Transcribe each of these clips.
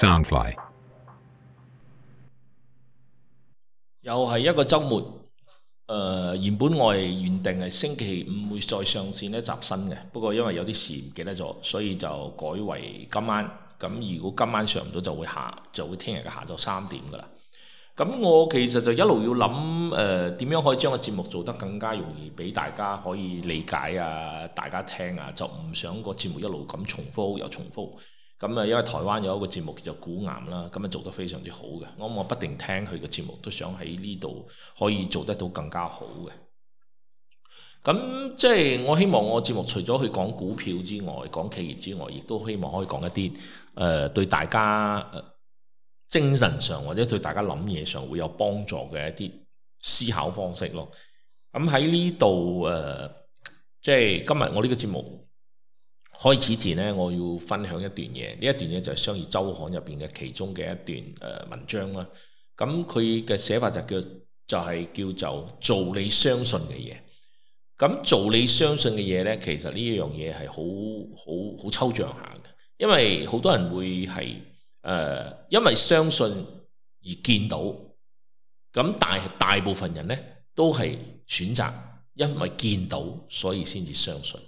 Soundfly，又係一個週末，誒、呃、原本我係原定係星期五會再上線一集新嘅，不過因為有啲事唔記得咗，所以就改為今晚。咁如果今晚上唔到，就會下，就會聽日嘅下晝三點噶啦。咁我其實就一路要諗誒點樣可以將個節目做得更加容易，俾大家可以理解啊，大家聽啊，就唔想個節目一路咁重複又重複。咁啊，因為台灣有一個節目叫做「股癌」啦，咁啊做得非常之好嘅，我我不停聽佢嘅節目，都想喺呢度可以做得到更加好嘅。咁即係我希望我節目除咗去講股票之外，講企業之外，亦都希望可以講一啲誒、呃、對大家、呃、精神上或者對大家諗嘢上會有幫助嘅一啲思考方式咯。咁喺呢度誒，即係今日我呢個節目。開始前咧，我要分享一段嘢。呢一段嘢就係商業周刊入邊嘅其中嘅一段誒文章啦。咁佢嘅寫法就叫就係、是、叫做做你相信嘅嘢。咁、嗯、做你相信嘅嘢咧，其實呢一樣嘢係好好好抽象下嘅，因為好多人會係誒、呃、因為相信而見到。咁但係大、大部分人咧都係選擇因為見到所以先至相信。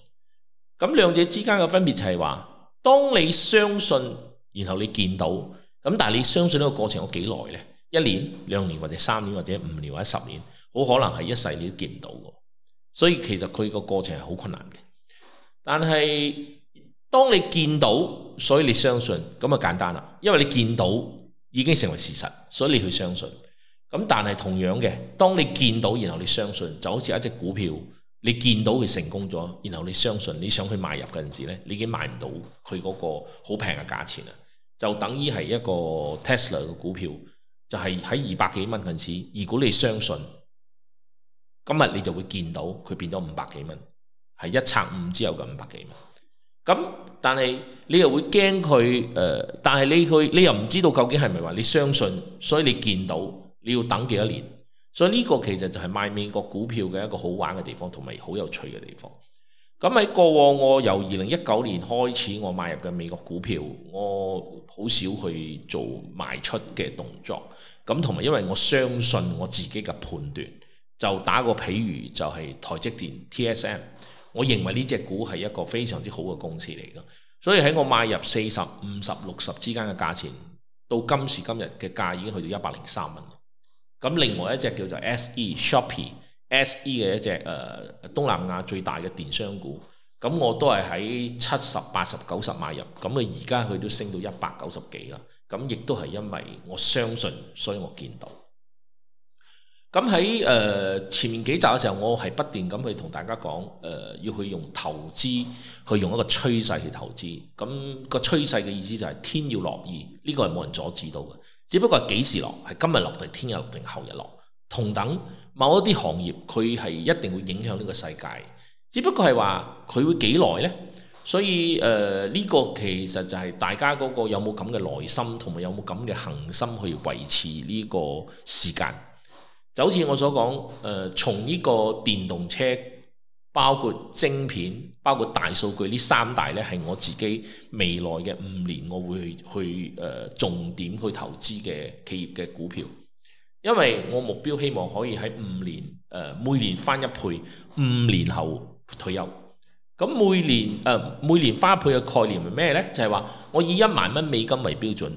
咁兩者之間嘅分別就係話，當你相信，然後你見到，咁但係你相信呢個過程有幾耐咧？一年、兩年或者三年或者五年或者十年，好可能係一世你都見唔到嘅。所以其實佢個過程係好困難嘅。但係當你見到，所以你相信，咁就簡單啦，因為你見到已經成為事實，所以你去相信。咁但係同樣嘅，當你見到，然後你相信，就好似一隻股票。你見到佢成功咗，然後你相信你想去買入嗰陣時咧，你已經買唔到佢嗰個好平嘅價錢啦。就等於係一個 Tesla 嘅股票，就係喺二百幾蚊嗰陣時，如果你相信，今日你就會見到佢變咗五百幾蚊，係一拆五之後嘅五百幾蚊。咁但係你又會驚佢誒，但係你去你又唔知道究竟係咪話你相信，所以你見到你要等幾多年？所以呢個其實就係買美國股票嘅一個好玩嘅地方，同埋好有趣嘅地方。咁喺過往，我由二零一九年開始，我買入嘅美國股票，我好少去做賣出嘅動作。咁同埋，因為我相信我自己嘅判斷，就打個譬如，就係台積電 TSM，我認為呢隻股係一個非常之好嘅公司嚟嘅。所以喺我買入四十五十六十之間嘅價錢，到今時今日嘅價已經去到一百零三蚊。咁另外一隻叫做 S.E.Shopee，S.E 嘅一隻誒東南亞最大嘅電商股，咁我都係喺七十八十九十買入，咁佢而家佢都升到一百九十幾啦，咁亦都係因為我相信，所以我見到。咁喺誒前面幾集嘅時候，我係不斷咁去同大家講，誒要去用投資，去用一個趨勢去投資，咁個趨勢嘅意思就係天要落雨，呢個係冇人阻止到嘅。只不過係幾時落，係今日落定、聽日落定、後日落。同等某一啲行業，佢係一定會影響呢個世界。只不過係話佢會幾耐呢？所以誒呢、呃這個其實就係大家嗰個有冇咁嘅耐心，同埋有冇咁嘅恒心去維持呢個時間。就好似我所講誒、呃，從呢個電動車。包括晶片、包括大數據呢三大呢係我自己未來嘅五年，我會去誒、呃、重點去投資嘅企業嘅股票。因為我目標希望可以喺五年誒、呃、每年翻一倍，五年後退休。咁每年誒、呃、每年翻一倍嘅概念係咩呢？就係、是、話我以一萬蚊美金為標準，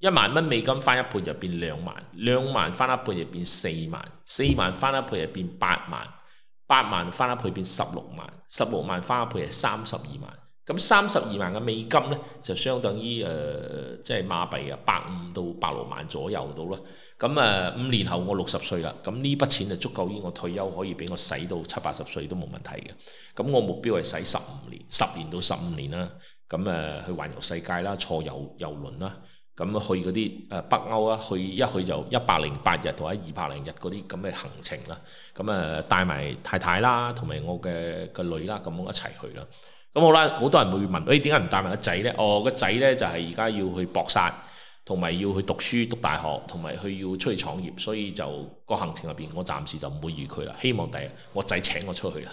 一萬蚊美金翻一倍就變兩萬，兩萬翻一倍就變四萬，四萬翻一倍就變八萬。八萬翻一倍變十六萬，十六萬翻一倍係三十二萬，咁三十二萬嘅美金呢，就相當於誒即係馬幣啊，百五到百六萬左右到咯。咁啊，五年後我六十歲啦，咁呢筆錢就足夠於我退休可以俾我使到七八十歲都冇問題嘅。咁我目標係使十五年，十年到十五年啦。咁啊、呃、去環遊世界啦，坐遊遊輪啦。咁去嗰啲誒北歐啊，去一去就一百零八日同埋二百零日嗰啲咁嘅行程啦，咁、嗯、誒帶埋太太啦，同埋我嘅個女啦，咁樣一齊去啦。咁好啦，好多人會問，誒點解唔帶埋個仔呢？哦、我個仔呢，就係而家要去搏殺，同埋要去讀書讀大學，同埋佢要出去創業，所以就、個行程入邊，我暫時就唔會預佢啦。希望第日我仔請我出去啦。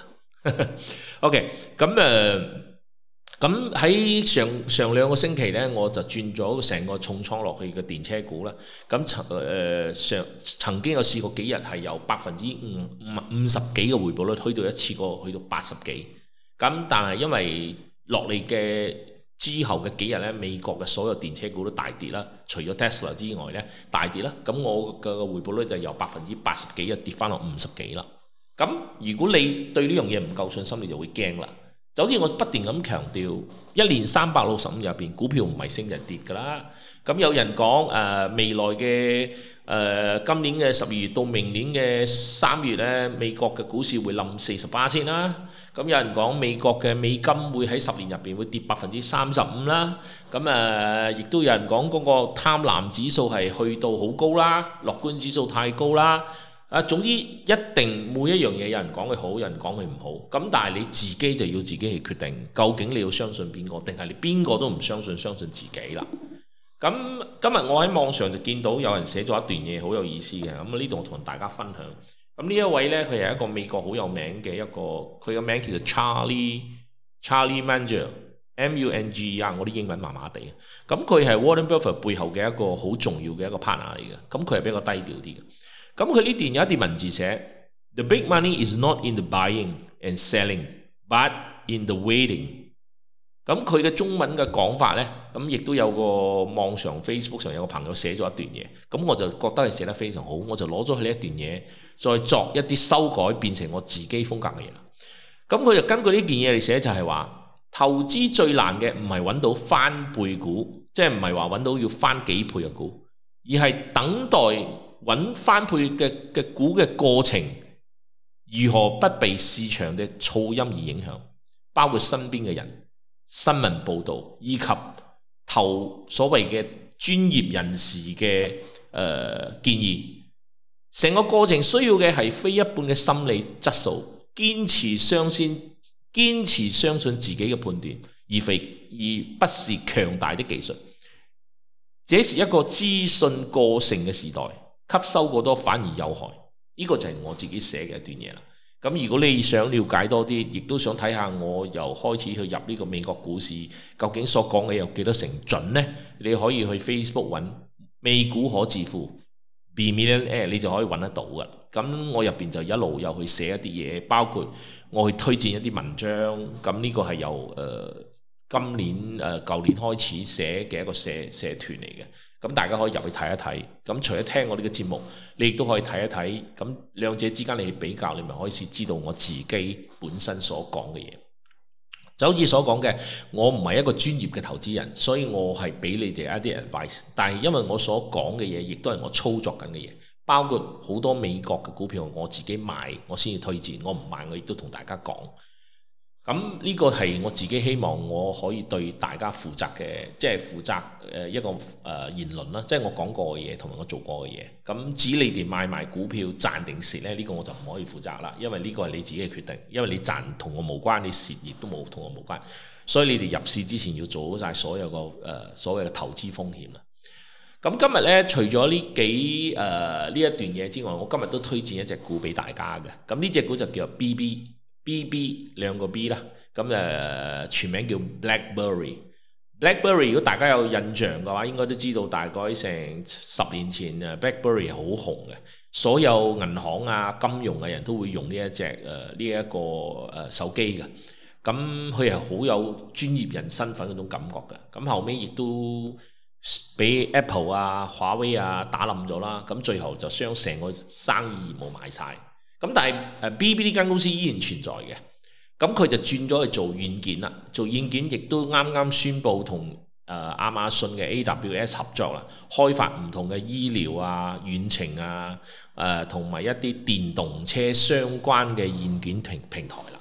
OK，咁誒。咁喺上上兩個星期呢，我就轉咗成個重倉落去嘅電車股啦。咁曾誒、呃、上曾經有試過幾日係由百分之五、嗯、五十幾嘅回報率去到一次過去到八十幾。咁但係因為落嚟嘅之後嘅幾日呢，美國嘅所有電車股都大跌啦，除咗 Tesla 之外呢，大跌啦。咁我嘅回報率就由百分之八十幾又跌翻落五十幾啦。咁如果你對呢樣嘢唔夠信心，你就會驚啦。首先我不斷咁強調，一年三百六十五日入邊，股票唔係升日跌㗎啦。咁有人講誒、呃、未來嘅誒、呃、今年嘅十二月到明年嘅三月呢，美國嘅股市會冧四十八先啦。咁有人講美國嘅美金會喺十年入邊會跌百分之三十五啦。咁誒亦都有人講嗰個貪婪指數係去到好高啦，樂觀指數太高啦。啊，總之一定每一樣嘢有人講佢好，有人講佢唔好。咁但係你自己就要自己去決定，究竟你要相信邊個，定係你邊個都唔相信，相信自己啦。咁今日我喺網上就見到有人寫咗一段嘢，好有意思嘅。咁呢度我同大家分享。咁呢一位呢，佢係一個美國好有名嘅一個，佢個名叫做 Charlie Charlie Munger M U N G 啊，我啲英文麻麻地。咁佢係 Warren Buffett 背後嘅一個好重要嘅一個 partner 嚟嘅。咁佢係比較低調啲嘅。咁佢呢段有一段文字寫：The big money is not in the buying and selling, but in the waiting。咁佢嘅中文嘅講法呢，咁亦都有個網上 Facebook 上有個朋友寫咗一段嘢，咁我就覺得係寫得非常好，我就攞咗佢呢一段嘢，再作一啲修改，變成我自己風格嘅嘢啦。咁佢就根據呢件嘢嚟寫，就係話投資最難嘅唔係揾到翻倍股，即係唔係話揾到要翻幾倍嘅股，而係等待。揾翻倍嘅嘅股嘅過程，如何不被市場嘅噪音而影響？包括身邊嘅人、新聞報導以及投所謂嘅專業人士嘅誒、呃、建議，成個過程需要嘅係非一般嘅心理質素，堅持相信、堅持相信自己嘅判斷，而非而不是強大的技術。這是一個資訊過剩嘅時代。吸收過多反而有害，呢、這個就係我自己寫嘅一段嘢啦。咁如果你想了解多啲，亦都想睇下我由開始去入呢個美國股市，究竟所講嘅有幾多成準呢？你可以去 Facebook 揾《未股可自富》（Be m i l n 你就可以揾得到噶。咁我入邊就一路又去寫一啲嘢，包括我去推薦一啲文章。咁呢個係由誒、呃、今年誒舊、呃、年開始寫嘅一個社社團嚟嘅。咁大家可以入去睇一睇，咁除咗聽我哋嘅節目，你亦都可以睇一睇，咁兩者之間你去比較，你咪可以先知道我自己本身所講嘅嘢。就好似所講嘅，我唔係一個專業嘅投資人，所以我係俾你哋一啲 advice，但係因為我所講嘅嘢，亦都係我操作緊嘅嘢，包括好多美國嘅股票我自己買，我先至推薦，我唔買，我亦都同大家講。咁呢個係我自己希望我可以對大家負責嘅，即係負責誒一個誒言論啦，即係我講過嘅嘢同埋我做過嘅嘢。咁指你哋買賣股票賺定蝕呢，呢個我就唔可以負責啦，因為呢個係你自己嘅決定，因為你賺同我無關，你蝕亦都冇同我無關。所以你哋入市之前要做好晒所有個誒所謂嘅投資風險啦。咁今日呢，除咗呢幾誒呢一段嘢之外，我今日都推薦一隻股俾大家嘅。咁呢隻股就叫做 B B。B B 兩個 B 啦，咁誒全名叫 Blackberry。Blackberry 如果大家有印象嘅話，應該都知道大概成十年前誒 Blackberry 好紅嘅，所有銀行啊、金融嘅人都會用呢一隻誒呢一個誒手機嘅。咁佢係好有專業人身份嗰種感覺嘅。咁後尾亦都俾 Apple 啊、華為啊打冧咗啦。咁最後就將成個生意冇賣曬。咁但係誒 BB 呢間公司依然存在嘅，咁佢就轉咗去做軟件啦，做軟件亦都啱啱宣布同誒亞馬遜嘅 AWS 合作啦，開發唔同嘅醫療啊、遠程啊、誒同埋一啲電動車相關嘅軟件平平台啦。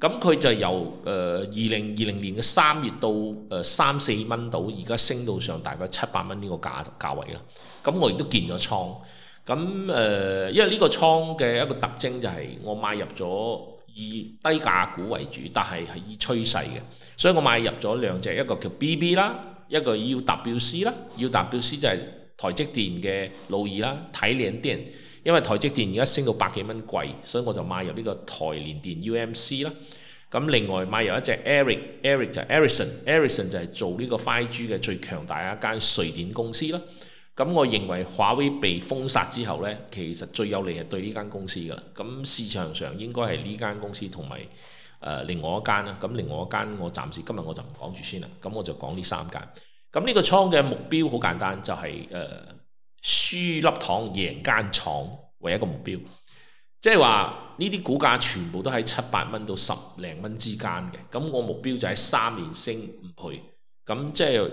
咁佢就由誒二零二零年嘅三月到誒三四蚊到，而家升到上大概七百蚊呢個價價位啦。咁我亦都建咗倉。咁誒、呃，因為呢個倉嘅一個特徵就係我買入咗以低價股為主，但係係以趨勢嘅，所以我買入咗兩隻，一個叫 BB 啦，一個 UWC 啦，呃、UWC 就係台積電嘅老二啦，聯電，因為台積電而家升到百幾蚊貴，所以我就買入呢個台聯電 UMC 啦。咁另外買入一隻 Eric，Eric 就 Ericsson，Ericsson 就係做呢個 5G 嘅最強大一間瑞典公司啦。咁我認為華為被封殺之後呢，其實最有利係對呢間公司噶。咁市場上應該係呢間公司同埋誒另外一間啦。咁另外一間我暫時今日我就唔講住先啦。咁我就講呢三間。咁呢個倉嘅目標好簡單，就係、是、誒、呃、輸粒糖贏間廠為一個目標。即係話呢啲股價全部都喺七八蚊到十零蚊之間嘅。咁我目標就喺三年升五倍。咁即係。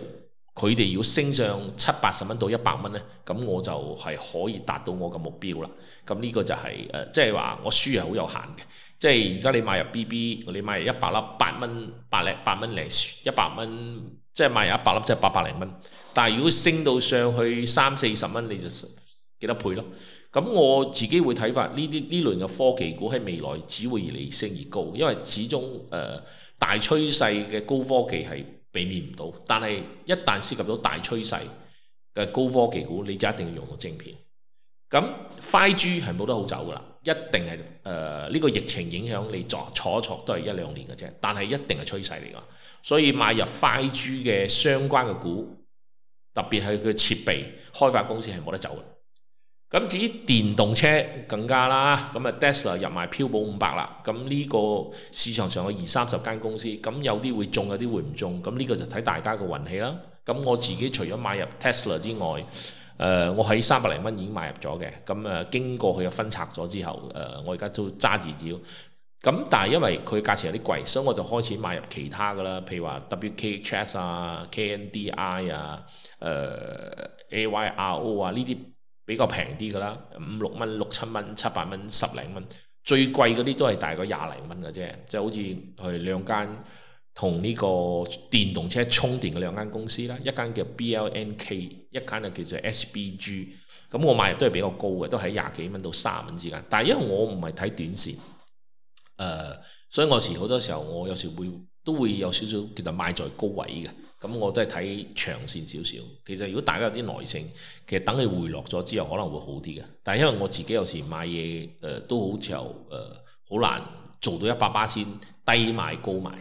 佢哋要升上七八十蚊到一百蚊咧，咁我就係可以達到我嘅目標啦。咁呢個就係、是、誒、呃就是，即係話我輸係好有限嘅。即係而家你買入 BB，你買入一百粒八蚊八零八蚊零，一百蚊即係買入一百粒即係、就是、八百零蚊。但係如果升到上去三四十蚊，你就幾多倍咯？咁我自己會睇法，呢啲呢輪嘅科技股喺未來只會而嚟升而高，因為始終誒、呃、大趨勢嘅高科技係。避免唔到，但係一旦涉及到大趨勢嘅高科技股，你就一定要用到晶片。咁 5G 係冇得好走噶啦，一定係誒呢個疫情影響你坐坐一坐都係一兩年嘅啫，但係一定係趨勢嚟㗎，所以買入 5G 嘅相關嘅股，特別係佢設備開發公司係冇得走。咁至於電動車更加啦，咁啊 Tesla 入埋標普五百啦。咁呢個市場上有二三十間公司，咁有啲會中，有啲會唔中。咁呢個就睇大家嘅運氣啦。咁我自己除咗買入 Tesla 之外，誒、呃、我喺三百零蚊已經買入咗嘅。咁誒經過佢嘅分拆咗之後，誒、呃、我而家都揸住住。咁但係因為佢價錢有啲貴，所以我就開始買入其他噶啦，譬如話 WKHS 啊、KNDI 啊、誒、呃、AYRO 啊呢啲。比較平啲㗎啦，五六蚊、六七蚊、七八蚊、十零蚊，最貴嗰啲都係大概廿零蚊嘅啫，即係好似佢兩間同呢個電動車充電嘅兩間公司啦，一間叫 BLNK，一間就叫做 SBG。咁我買入都係比較高嘅，都喺廿幾蚊到三十蚊之間。但係因為我唔係睇短線，誒、呃。所以我時好多時候，我有時會都會有少少叫做賣在高位嘅，咁我都係睇長線少少。其實如果大家有啲耐性，其實等佢回落咗之後可能會好啲嘅。但係因為我自己有時買嘢，誒、呃、都好似又好難做到一百巴仙低買高賣。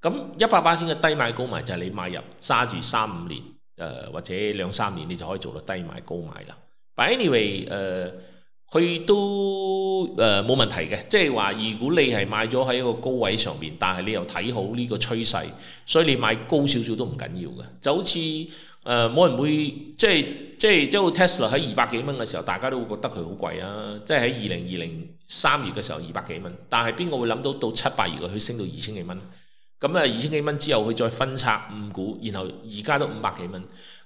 咁一百巴仙嘅低買高賣就係你買入揸住三五年，誒、呃、或者兩三年，你就可以做到低買高賣啦。But anyway，誒、呃。佢都誒冇、呃、問題嘅，即係話，如果你係買咗喺一個高位上面，但係你又睇好呢個趨勢，所以你買高少少都唔緊要嘅。就好似誒冇人會即係即係即係 Tesla 喺二百幾蚊嘅時候，大家都會覺得佢好貴啊！即係喺二零二零三月嘅時候二百幾蚊，但係邊個會諗到到七八月佢升到二千幾蚊？咁啊二千幾蚊之後佢再分拆五股，然後而家都五百幾蚊。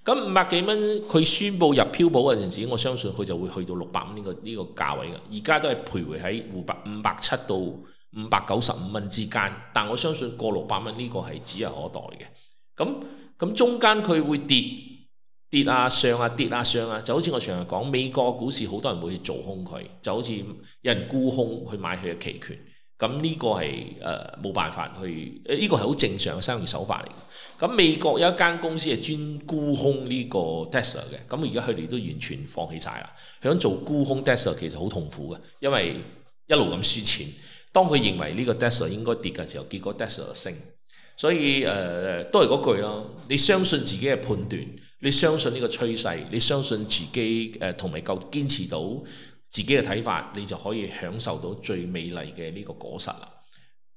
咁五百幾蚊，佢宣布入標普嗰陣時，我相信佢就會去到六百蚊呢個呢個價位嘅。而家都係徘徊喺五百五百七到五百九十五蚊之間，但我相信過六百蚊呢個係指日可待嘅。咁咁中間佢會跌跌啊上啊跌啊上啊，就好似我成日講美國股市，好多人會去做空佢，就好似有人沽空去買佢嘅期權。咁呢個係誒冇辦法去，誒、呃、呢、呢個係好正常嘅商業手法嚟嘅。咁、嗯、美國有一間公司係專沽空呢個 Tesla 嘅，咁而家佢哋都完全放棄晒啦。想做沽空 Tesla 其實好痛苦嘅，因為一路咁輸錢。當佢認為呢個 Tesla 應該跌嘅時候，結果 Tesla 升。所以誒都係嗰句咯，你相信自己嘅判斷，你相信呢個趨勢，你相信自己誒同埋夠堅持到，自己嘅睇法，你就可以享受到最美麗嘅呢個果實啦。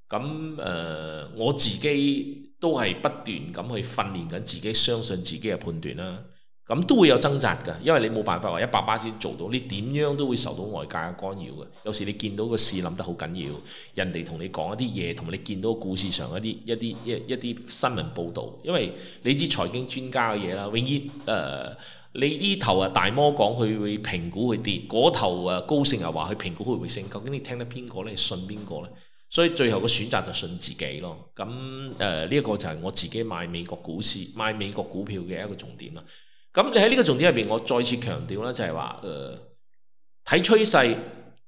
咁、呃、誒，我自己都係不斷咁去訓練緊自己，相信自己嘅判斷啦。咁都會有掙扎噶因為你冇辦法話一百巴仙做到，你點樣都會受到外界嘅干擾嘅。有時你見到個事諗得好緊要，人哋同你講一啲嘢，同你見到股市上一啲一啲一啲新聞報道，因為你啲財經專家嘅嘢啦，永遠。誒、呃。你呢頭啊大摩講佢會評估佢跌，嗰頭啊高盛又話佢評估佢會升，究竟你聽得邊個咧？你信邊個咧？所以最後嘅選擇就信自己咯。咁誒呢一個就係我自己買美國股市、買美國股票嘅一個重點啦。咁你喺呢個重點入邊，我再次強調咧，就係話誒睇趨勢，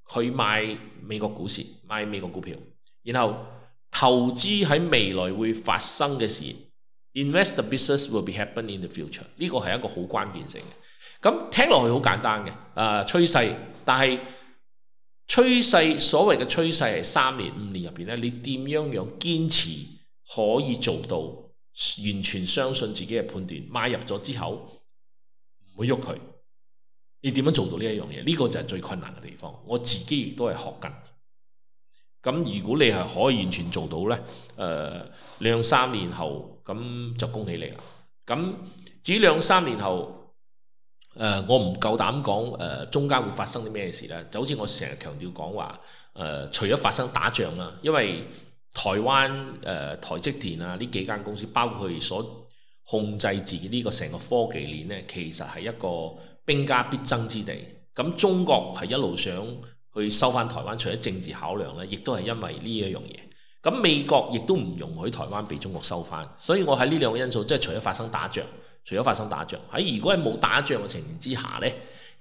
佢買美國股市、買美國股票，然後投資喺未來會發生嘅事。Invest the business will be happening in the future。呢個係一個好關鍵性嘅。咁、嗯、聽落去好簡單嘅，啊趨勢，但係趨勢所謂嘅趨勢係三年五年入邊咧，你點樣樣堅持可以做到完全相信自己嘅判斷，買入咗之後唔會喐佢。你點樣做到呢一樣嘢？呢、呢個就係最困難嘅地方。我自己亦都係學緊。咁如果你係可以完全做到呢，誒兩三年後，咁就恭喜你啦。咁至於兩三年後，誒、呃、我唔夠膽講誒中間會發生啲咩事啦。就好似我成日強調講話，誒、呃、除咗發生打仗啦，因為台灣誒、呃、台積電啊呢幾間公司，包括佢所控制自己呢個成個科技鏈呢，其實係一個兵家必爭之地。咁中國係一路想去收翻台灣，除咗政治考量咧，亦都係因為呢一樣嘢。咁美國亦都唔容許台灣被中國收翻，所以我喺呢兩個因素，即係除咗發生打仗，除咗發生打仗，喺如果係冇打仗嘅情形之下呢，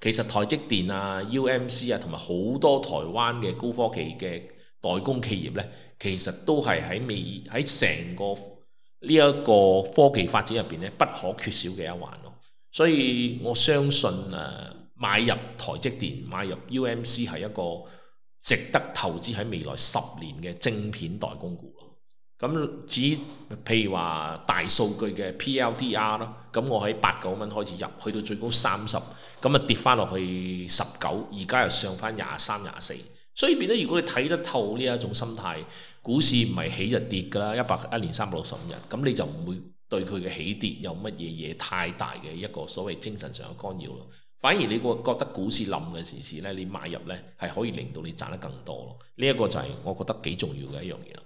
其實台積電啊、UMC 啊同埋好多台灣嘅高科技嘅代工企業呢，其實都係喺美喺成個呢一個科技發展入邊呢不可缺少嘅一環咯。所以我相信啊。買入台積電、買入 UMC 係一個值得投資喺未來十年嘅晶片代工股咯。咁至於譬如話大數據嘅 PLTR 咯，咁我喺八九蚊開始入，去到最高三十，咁啊跌翻落去十九，而家又上翻廿三、廿四，所以變咗如果你睇得透呢一種心態，股市唔係起就跌㗎啦，一百一年三百六十五日，咁你就唔會對佢嘅起跌有乜嘢嘢太大嘅一個所謂精神上嘅干擾咯。反而你個覺得股市冧嘅時事咧，你買入咧係可以令到你賺得更多咯。呢、這、一個就係我覺得幾重要嘅一樣嘢。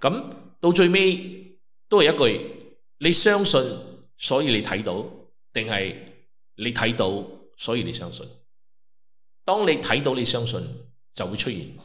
咁到最尾都係一句，你相信所以你睇到，定係你睇到所以你相信。當你睇到你相信，就會出現。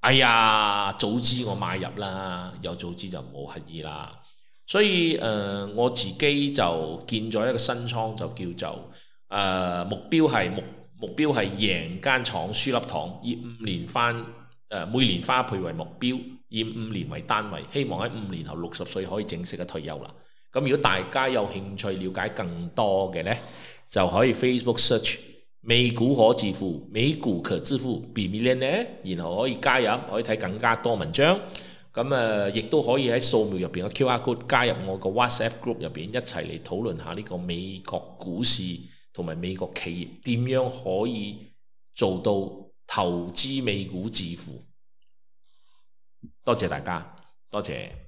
哎呀，早知我買入啦，有早知就冇刻意啦。所以誒、呃，我自己就建咗一個新倉，就叫做。誒、呃、目標係目，目標係贏間廠輸粒糖，以五年翻，誒、呃、每年花配為目標，以五年為單位，希望喺五年後六十歲可以正式嘅退休啦。咁如果大家有興趣了解更多嘅呢，就可以 Facebook search 美股可致富，美股可致富，Be Millionaire，然後可以加入，可以睇更加多文章。咁誒、呃，亦都可以喺掃描入邊嘅 QR code 加入我個 WhatsApp group 入邊，一齊嚟討論下呢個美國股市，同埋美國企業點樣可以做到投資美股致富。多謝大家，多謝。